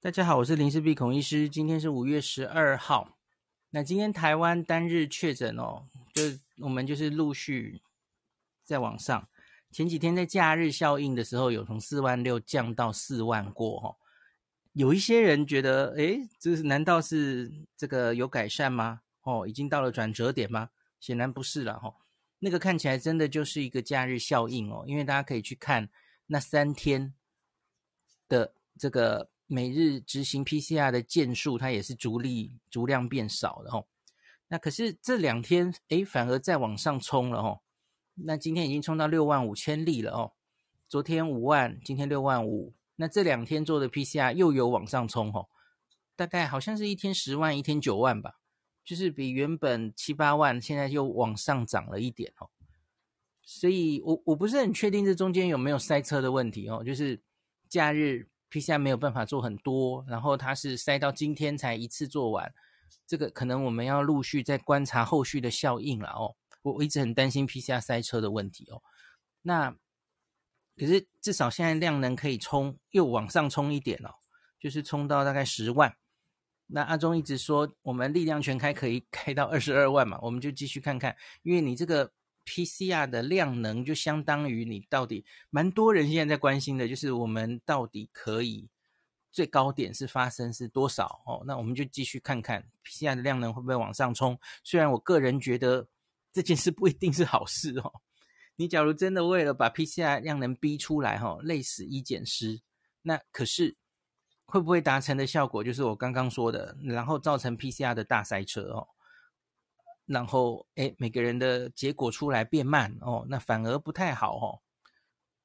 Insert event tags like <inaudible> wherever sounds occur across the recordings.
大家好，我是林氏璧孔醫師。今天是五月十二號，那今天台灣單日確診哦，就我們就是陸續在往上。前幾天在假日效應的時候，有從四萬六降到四萬過哈、喔，有一些人覺得，哎、欸，這是難道是這個有改善嗎？哦、喔，已經到了轉折點嗎？顯然不是了哈、喔，那個看起來真的就是一個假日效應哦、喔，因為大家可以去看那三天的這個。每日執行 PCR 的件數，它也是逐利逐量變少的哦。那可是這兩天哎，反而在往上衝了哦。那今天已經衝到六萬五千例了哦，昨天五萬，今天六萬五，那這兩天做的 PCR 又有往上衝哦，大概好像是一天十萬，一天九萬吧，就是比原本七八萬，現在又往上漲了一點哦，所以我我不是很確定這中間有沒有塞車的問題哦，就是假日。PCR 沒有辦法做很多，然後它是塞到今天才一次做完，這個可能我們要陸續再觀察後續的效應了哦。我我一直很擔心 PCR 塞車的問題哦。那可是至少現在量能可以衝，又往上衝一點哦，就是衝到大概十萬。那阿中一直說我們力量全開可以開到二十二萬嘛，我們就繼續看看，因為你這個。PCR 的量能就相當於你到底蠻多人現在在關心的，就是我們到底可以最高點是發生是多少哦？那我們就繼續看看 PCR 的量能會不會往上衝。雖然我個人覺得這件事不一定是好事哦。你假如真的為了把 PCR 量能逼出來哈、哦，累死醫檢師，那可是會不會達成的效果就是我剛剛說的，然後造成 PCR 的大塞車哦？然後，哎，每個人的結果出來變慢哦，那反而不太好哦。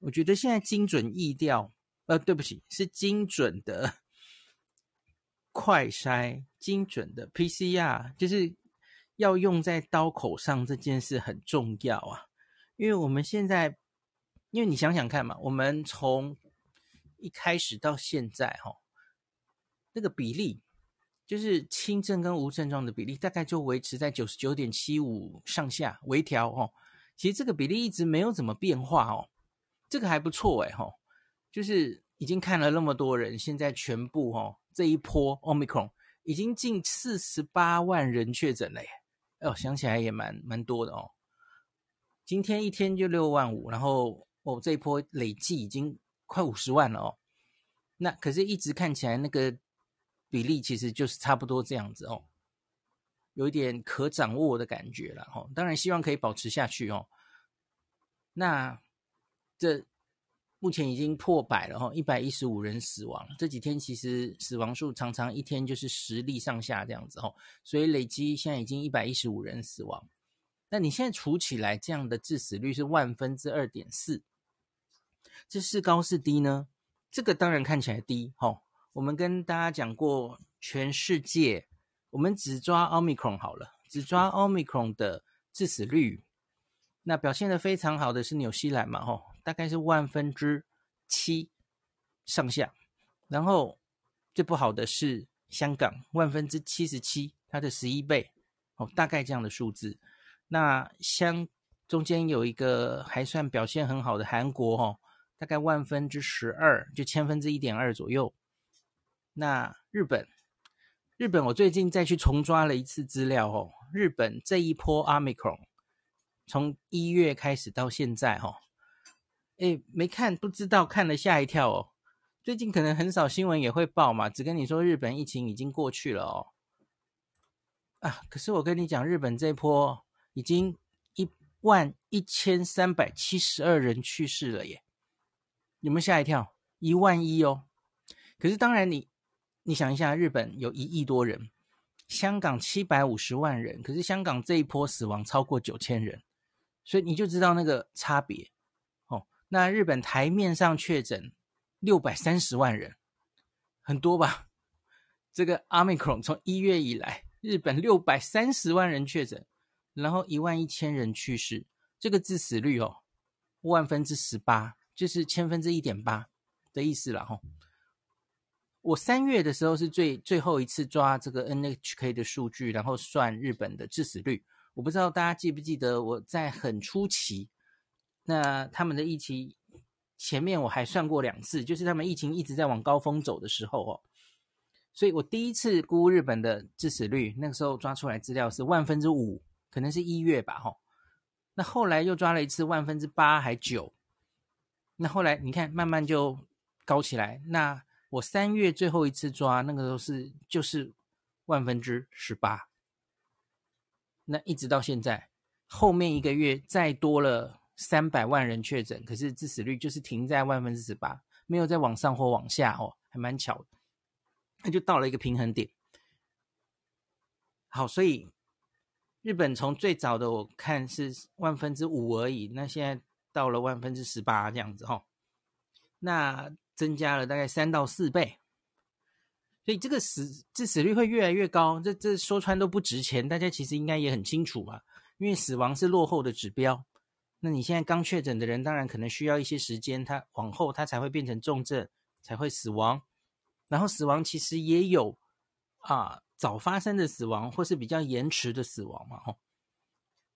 我覺得現在精準疫調，呃，對不起，是精準的快篩，精準的 PCR，就是要用在刀口上這件事很重要啊。因為我們現在，因為你想想看嘛，我們從一開始到現在哈、哦，那個比例。就是輕症跟無症狀的比例大概就維持在九十九點七五上下微調哦，其實這個比例一直沒有怎麼變化哦，這個還不錯誒。哈，就是已經看了那麼多人，現在全部哈、哦、這一波 Omicron 已經近四十八萬人確診了耶、哎，哦想起來也蠻蠻多的哦，今天一天就六萬五，然後哦這一波累計已經快五十萬了哦，那可是一直看起來那個。比例其實就是差不多這樣子哦，有一點可掌握的感覺了哈。當然希望可以保持下去哦。那這目前已經破百了哈、哦，一百一十五人死亡。這幾天其實死亡數常常一天就是十例上下這樣子哈、哦，所以累積現在已經一百一十五人死亡。那你現在除起來，這樣的致死率是萬分之二點四。這是高是低呢？這個當然看起來低哈。哦我們跟大家講過，全世界我們只抓奧密克戎好了，只抓奧密克戎的致死率。那表現得非常好的是紐西蘭嘛，吼，大概是萬分之七上下。然後最不好的是香港，萬分之七十七，它的十一倍，哦，大概這樣的數字。那相中間有一個還算表現很好的韓國，哦，大概萬分之十二，就千分之一點二左右。那日本，日本，我最近再去重抓了一次資料哦。日本這一波阿米克隆從一月開始到現在哦，哎，沒看不知道，看了嚇一跳哦。最近可能很少新聞也會報嘛，只跟你說日本疫情已經過去了哦。啊，可是我跟你講，日本這一波已經一萬一千三百七十二人去世了耶，有沒有嚇一跳？一萬一哦。可是當然你。你想一下，日本有一億多人，香港七百五十萬人，可是香港這一波死亡超過九千人，所以你就知道那個差別。哦，那日本台面上確診六百三十萬人，很多吧？這個 Omicron 從一月以來，日本六百三十萬人確診，然後一萬一千人去世，這個致死率哦，萬分之十八，就是千分之一點八的意思了，哦。我三月的時候是最最後一次抓這個 NHK 的數據，然後算日本的致死率。我不知道大家記不記得，我在很初期，那他們的疫情前面我還算過兩次，就是他們疫情一直在往高峰走的時候哦。所以我第一次估日本的致死率，那個時候抓出來資料是萬分之五，可能是一月吧，哦，哈。那後來又抓了一次，萬分之八還九。那後來你看，慢慢就高起來，那。我三月最後一次抓，那個時候是就是萬分之十八，那一直到現在，後面一個月再多了三百萬人確診，可是致死率就是停在萬分之十八，沒有再往上或往下哦，還蠻巧的，那就到了一個平衡點。好，所以日本從最早的我看是萬分之五而已，那現在到了萬分之十八這樣子哦，那。.增加了大概三到四倍，所以這個死致死率會越來越高。這這說穿都不值錢，大家其實應該也很清楚吧？因為死亡是落後的指標。那你現在剛確診的人，當然可能需要一些時間，他往後他才會變成重症，才會死亡。然後死亡其實也有啊，早發生的死亡或是比較延遲的死亡嘛，吼。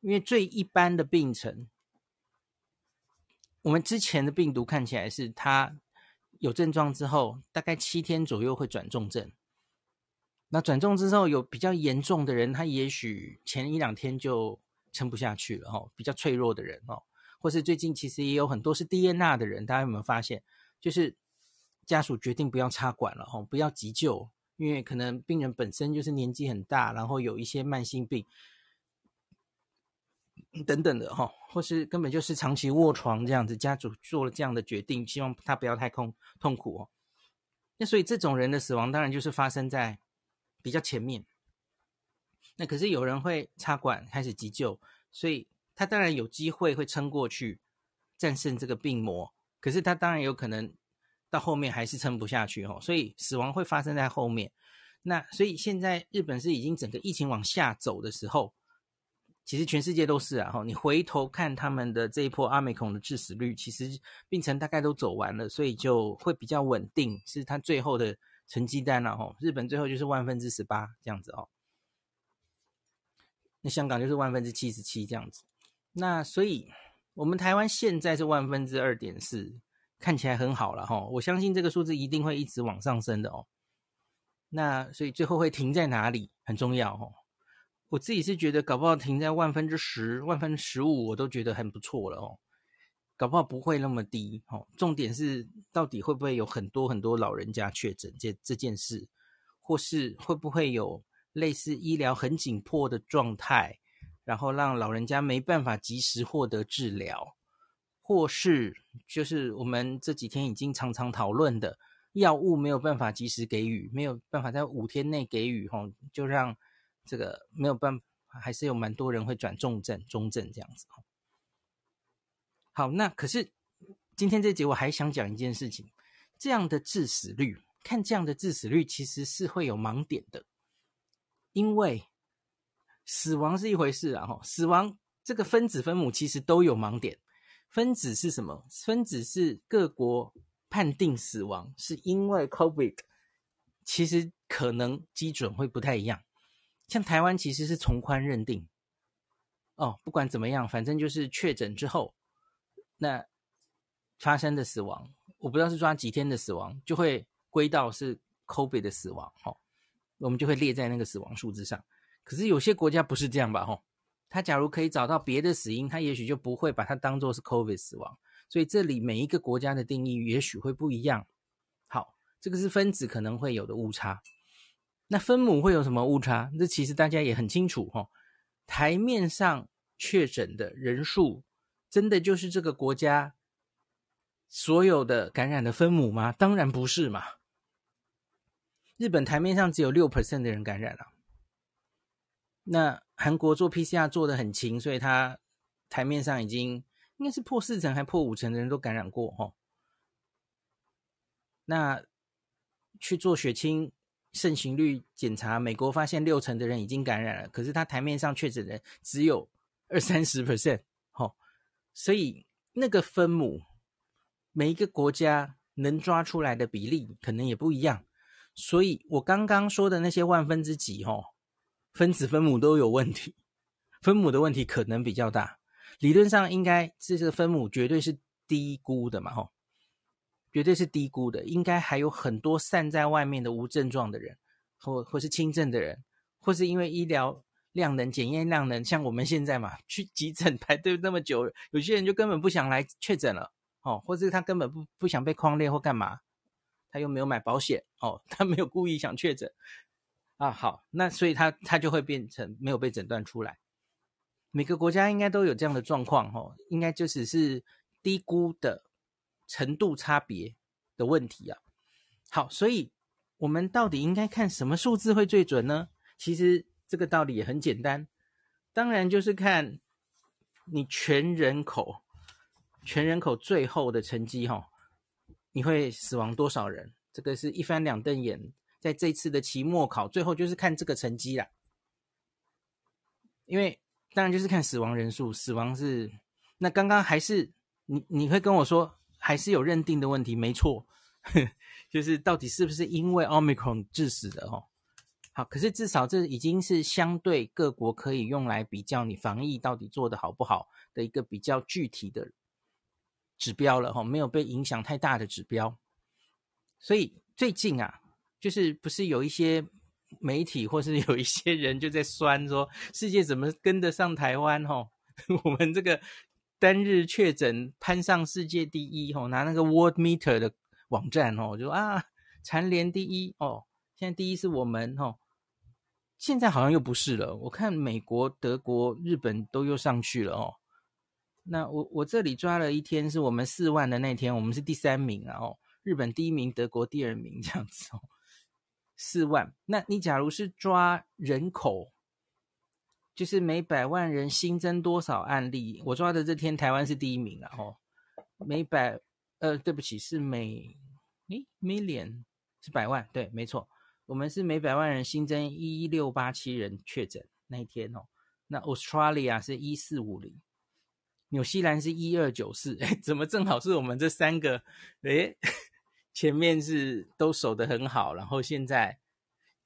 因為最一般的病程，我們之前的病毒看起來是他。有症狀之後，大概七天左右會轉重症。那轉重之後，有比較嚴重的人，他也許前一兩天就撐不下去了哦。比較脆弱的人哦，或是最近其實也有很多是 DNR 的人，大家有沒有發現？就是家屬決定不要插管了哦，不要急救，因為可能病人本身就是年紀很大，然後有一些慢性病。等等的哈，或是根本就是長期臥床這樣子，家族做了這樣的決定，希望他不要太痛痛苦哦。那所以這種人的死亡當然就是發生在比較前面。那可是有人會插管開始急救，所以他當然有機會會撐過去，戰勝這個病魔。可是他當然有可能到後面還是撐不下去哦，所以死亡會發生在後面。那所以現在日本是已經整個疫情往下走的時候。其實全世界都是啊，哈！你回頭看他們的這一波阿美恐的致死率，其實病程大概都走完了，所以就會比較穩定，是它最後的成績單了，哈！日本最後就是萬分之十八這樣子哦，那香港就是萬分之七十七這樣子，那所以我們台灣現在是萬分之二點四，看起來很好了、啊，哈！我相信這個數字一定會一直往上升的哦，那所以最後會停在哪裡很重要、啊，哦。我自己是覺得，搞不好停在萬分之十、萬分之十五，我都覺得很不錯了哦。搞不好不會那麼低哦。重點是到底會不會有很多很多老人家確診這這件事，或是會不會有類似醫療很緊迫的狀態，然後讓老人家沒辦法及時獲得治療，或是就是我們這幾天已經常常討論的藥物沒有辦法及時給予，沒有辦法在五天內給予哦，就讓。這個沒有辦法，還是有蠻多人會轉重症、中症這樣子。好，那可是今天這集我還想講一件事情，這樣的致死率，看這樣的致死率其實是會有盲點的，因為死亡是一回事啊，哈，死亡這個分子分母其實都有盲點。分子是什麼？分子是各國判定死亡是因為 COVID，其實可能基準會不太一樣。像台灣其實是從寬認定，哦，不管怎麼樣，反正就是確診之後，那發生的死亡，我不知道是抓幾天的死亡，就會歸到是 COVID 的死亡，哦，我們就會列在那個死亡數字上。可是有些國家不是這樣吧，哈、哦，他假如可以找到別的死因，他也許就不會把它當做是 COVID 死亡，所以這裡每一個國家的定義也許會不一樣。好，這個是分子可能會有的誤差。那分母會有什麼誤差？這其實大家也很清楚哦。台面上確診的人數，真的就是這個國家所有的感染的分母嗎？當然不是嘛。日本台面上只有六 percent 的人感染了，啊。那韓國做 PCR 做的很勤，所以他台面上已經應該是破四成還破五成的人都感染過哈，哦。那去做血清。盛行率檢查，美國發現六成的人已經感染了，可是他台面上確診的只有二三十 percent，吼，所以那個分母，每一個國家能抓出來的比例可能也不一樣，所以我剛剛說的那些萬分之幾，吼、哦，分子分母都有問題，分母的問題可能比較大，理論上應該這個分母絕對是低估的嘛，吼、哦。絕對是低估的，應該還有很多散在外面的無症狀的人，或或是輕症的人，或是因為醫療量能、檢驗量能，像我們現在嘛，去急診排隊那麼久，有些人就根本不想來確診了，哦，或是他根本不不想被框列或幹嘛，他又沒有買保險，哦，他沒有故意想確診，啊，好，那所以他他就會變成沒有被診斷出來，每個國家應該都有這樣的狀況，哦，應該就只是低估的。程度差別的問題啊，好，所以我們到底應該看什麼數字會最準呢？其實這個道理也很簡單，當然就是看你全人口，全人口最後的成績哦，你會死亡多少人？這個是一翻兩瞪眼，在這次的期末考最後就是看這個成績啦，因為當然就是看死亡人數，死亡是那剛剛還是你你會跟我說？還是有認定的問題，沒錯， <laughs> 就是到底是不是因為 Omicron 致死的哦？好，可是至少這已經是相對各國可以用來比較你防疫到底做得好不好的一個比較具體的指標了哈、哦，沒有被影響太大的指標。所以最近啊，就是不是有一些媒體或是有一些人就在酸說，世界怎麼跟得上台灣哦？我們這個。單日確診攀上世界第一吼，拿那個 World Meter 的網站哦，就啊蟬聯第一哦，現在第一是我們哦，現在好像又不是了，我看美國、德國、日本都又上去了哦。那我我這裡抓了一天是我們四萬的那天，我們是第三名，啊哦，日本第一名，德國第二名這樣子哦。四萬，那你假如是抓人口？就是每百萬人新增多少案例？我抓的這天，台灣是第一名啊哦。每百……呃，對不起，是每……誒、欸，million 是百萬，對，沒錯。我們是每百萬人新增一六八七人確診那一天哦。那 Australia 是一四五零，紐西蘭是一二九四，怎麼正好是我們這三個？誒、哎， <laughs> 前面是都守得很好，然後現在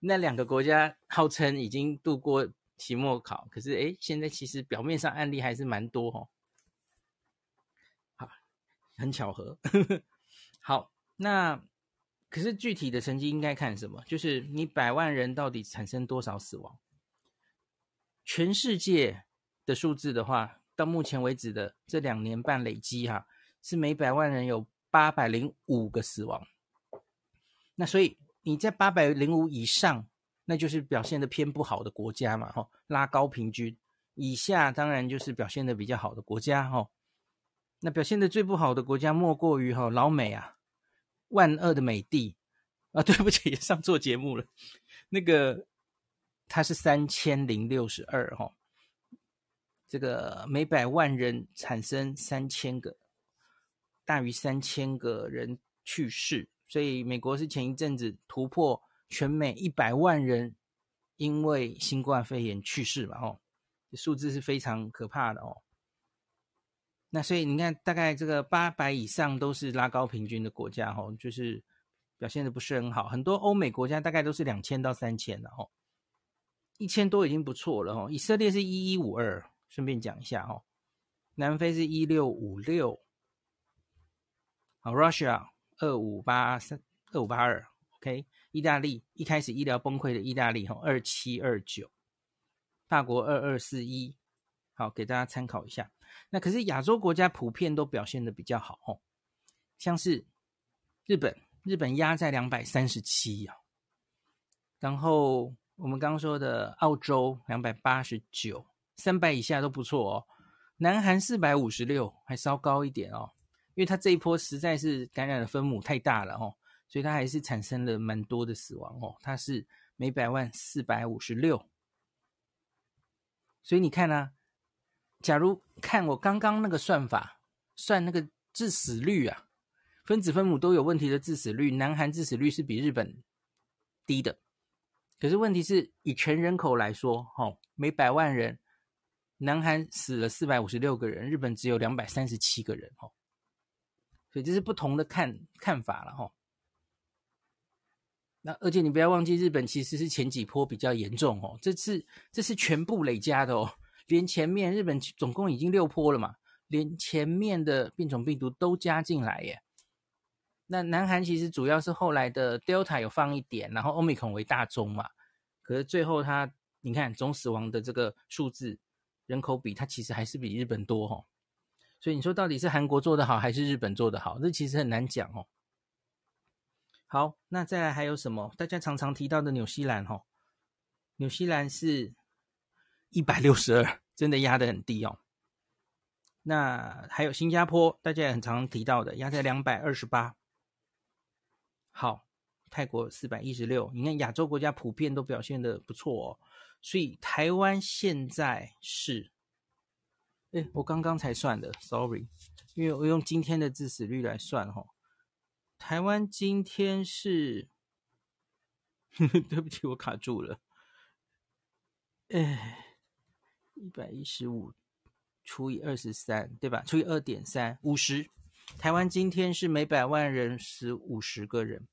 那兩個國家號稱已經度過。期末考，可是誒，現在其實表面上案例還是蠻多哦。好，很巧合。 <laughs> 好，那可是具體的成績應該看什麼？就是你百萬人到底產生多少死亡？全世界的數字的話，到目前為止的這兩年半累積哈、啊，是每百萬人有八百零五個死亡。那所以你在八百零五以上，那就是表現的偏不好的國家嘛，哈，拉高平均以下，當然就是表現的比較好的國家，哈。那表現的最不好的國家莫過於哈老美啊，萬惡的美帝啊，對不起，也上錯節目了。那個它是三千零六十二，哈，這個每百萬人產生三千個，大於三千個人去世，所以美國是前一陣子突破。全美一百萬人因為新冠肺炎去世嘛，哦，這數字是非常可怕的哦。那所以你看，大概這個八百以上都是拉高平均的國家，哦，就是表現的不是很好。很多歐美國家大概都是兩千到三千的，哦，一千多已經不錯了，哦，以色列是一一五二，順便講一下，哦，南非是一六五六，好，Russia 二五八三二五八二。OK，意大利，一開始醫療崩潰的意大利，吼，二七二九，法國二二四一，好，給大家參考一下。那可是亞洲國家普遍都表現得比較好，像是日本，日本壓在兩百三十七啊。然後我們剛剛說的澳洲兩百八十九，三百以下都不錯哦。南韓四百五十六，還稍高一點哦，因為它這一波實在是感染的分母太大了哦。所以它還是產生了蠻多的死亡哦，它是每百萬四百五十六。所以你看啊，假如看我剛剛那個算法，算那個致死率啊，分子分母都有問題的致死率，南韓致死率是比日本低的，可是問題是以全人口來說，哈、哦，每百萬人，南韓死了四百五十六個人，日本只有兩百三十七個人，哈、哦，所以這是不同的看看法了，哈、哦。而且你不要忘記，日本其實是前幾波比較嚴重哦，這次這次全部累加的哦，連前面日本總共已經六波了嘛，連前面的變種病毒都加進來耶。那南韓其實主要是後來的 Delta 有放一點，然後 Omicron 為大宗嘛，可是最後它你看總死亡的這個數字，人口比它其實還是比日本多哦，所以你說到底是韓國做得好還是日本做得好，這其實很難講哦。好，那再來還有什麼？大家常常提到的紐西蘭，哦，哈，紐西蘭是一百六十二，真的壓得很低哦。那還有新加坡，大家也很常提到的，壓在兩百二十八。好，泰國四百一十六。你看亞洲國家普遍都表現得不錯，哦，所以台灣現在是，哎，我剛剛才算的，sorry，因為我用今天的致死率來算，哦，哈。台灣今天是， <laughs> 對不起，我卡住了。哎，一百一十五除以二十三，對吧？除以二點三，五十。台灣今天是每百萬人死五十個人。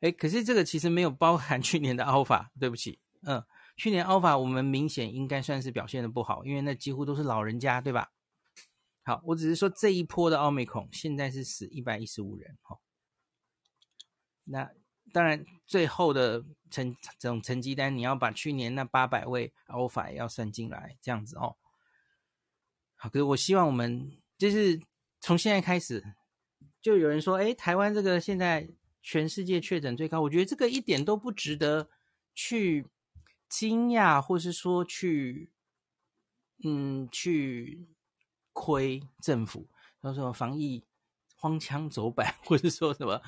哎、欸，可是這個其實沒有包含去年的 Alpha，對不起，嗯，去年 Alpha 我們明顯應該算是表現的不好，因為那幾乎都是老人家，對吧？好，我只是說這一波的 Omicron 現在是死一百一十五人哦。那當然，最後的成這種成績單，你要把去年那八百位 Alpha 也要算進來，這樣子哦。好，可是我希望我們就是從現在開始，就有人說，哎，台灣這個現在全世界確診最高，我覺得這個一點都不值得去驚訝，或是說去，嗯，去。虧政府，他說防疫荒腔走板，或者說什麼？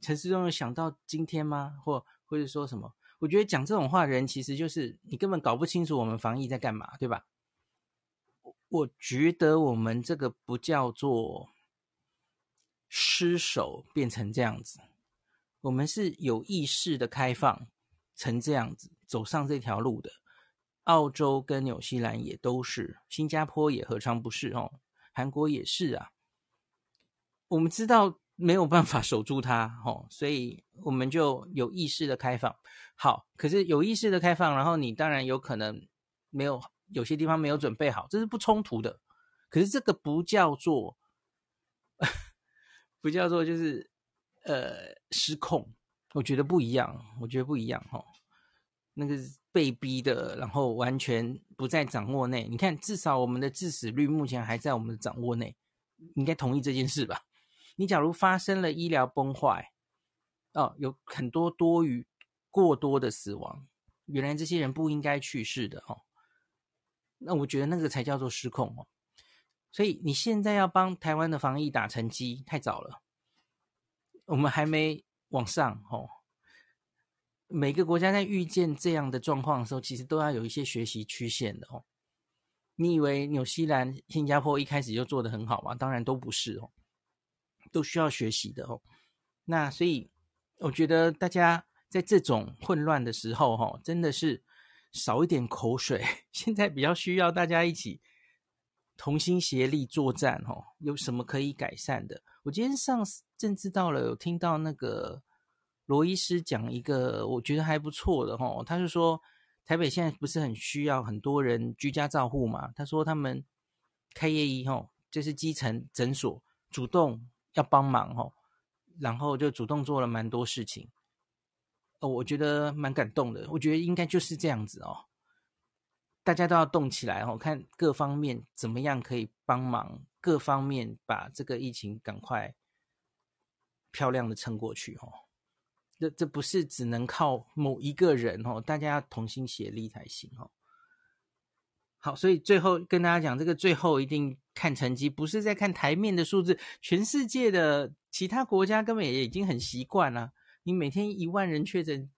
陳時中有想到今天嗎？或或者說什麼？我覺得講這種話的人，其實就是你根本搞不清楚我們防疫在幹嘛，對吧？我我覺得我們這個不叫做失守變成這樣子，我們是有意識的開放成這樣子，走上這條路的。澳洲跟紐西蘭也都是，新加坡也何嘗不是哦？韓國也是啊。我們知道沒有辦法守住它，哦，所以我們就有意識的開放。好，可是有意識的開放，然後你當然有可能沒有有些地方沒有準備好，這是不衝突的。可是這個不叫做呵呵不叫做就是呃失控，我覺得不一樣，我覺得不一樣，哈、哦，那個。被逼的，然後完全不在掌握內。你看，至少我們的致死率目前還在我們的掌握內，你應該同意這件事吧？你假如發生了醫療崩壞，哦，有很多多餘、過多的死亡，原來這些人不應該去世的哦，那我覺得那個才叫做失控哦。所以你現在要幫台灣的防疫打成績太早了，我們還沒往上哦。每個國家在遇見這樣的狀況的時候，其實都要有一些學習曲線的哦。你以為紐西蘭、新加坡一開始就做得很好嗎？當然都不是哦，都需要學習的哦。那所以我覺得大家在這種混亂的時候、哦，哈，真的是少一點口水。現在比較需要大家一起同心協力作戰、哦，哈。有什麼可以改善的？我今天上政治到了，有聽到那個。羅醫師講一個我覺得還不錯的哈，他是說台北現在不是很需要很多人居家照護嘛？他說他們開業醫，就是基層診所主動要幫忙哈，然後就主動做了蠻多事情，哦，我覺得蠻感動的。我覺得應該就是這樣子哦，大家都要動起來哦，看各方面怎麼樣可以幫忙，各方面把這個疫情趕快漂亮的撐過去哦。這這不是只能靠某一個人哦，大家要同心協力才行哦。好，所以最後跟大家講，這個最後一定看成績，不是在看台面的數字。全世界的其他國家根本也已經很習慣了，你每天一萬人確診，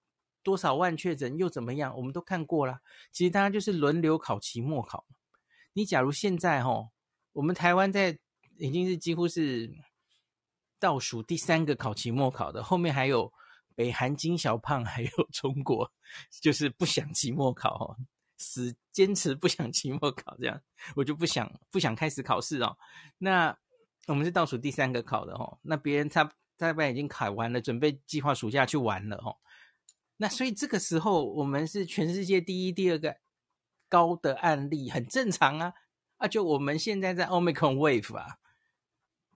多少萬確診又怎麼樣？我們都看過了。其實大家就是輪流考期末考。你假如現在哈，我們台灣在已經是幾乎是倒數第三個考期末考的，後面還有。北韓、金小胖還有中國，就是不想期末考，哦，死堅持不想期末考，這樣我就不想不想開始考試哦。那我們是倒數第三個考的，哈，那別人他他們已經考完了，準備計劃暑假去玩了，哈。那所以這個時候，我們是全世界第一、第二個高的案例，很正常啊啊！就我們現在在 Omicron Wave 啊，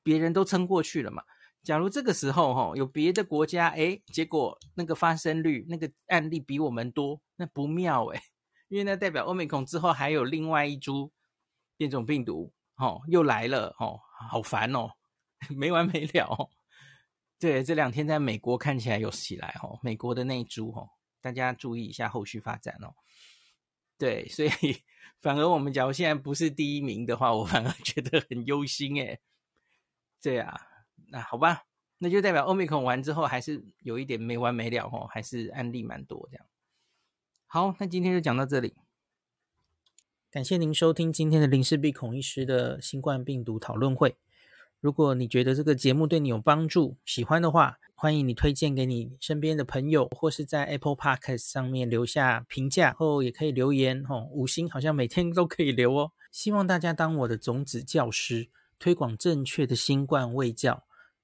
別人都撐過去了嘛。假如這個時候哈、哦、有別的國家哎，結果那個發生率、那個案例比我們多，那不妙哎，因為那代表 Omicron 之後還有另外一株變種病毒哦，又來了哦，好煩哦，沒完沒了、哦。對，這兩天在美國看起來有起來、哦、美國的那一株、哦、大家注意一下後續發展哦。對，所以反而我們假如現在不是第一名的話，我反而覺得很憂心哎。對啊。那好吧，那就代表歐米克隆完之後還是有一點沒完沒了哦，還是案例蠻多這樣。好，那今天就講到這裡，感謝您收聽今天的林氏璧孔醫師的新冠病毒討論會。如果你覺得這個節目對你有幫助，喜歡的話，歡迎你推薦給你身邊的朋友，或是在 Apple Podcast 上面留下評價，然後也可以留言吼，五星好像每天都可以留哦。希望大家當我的種子教師，推廣正確的新冠衛教。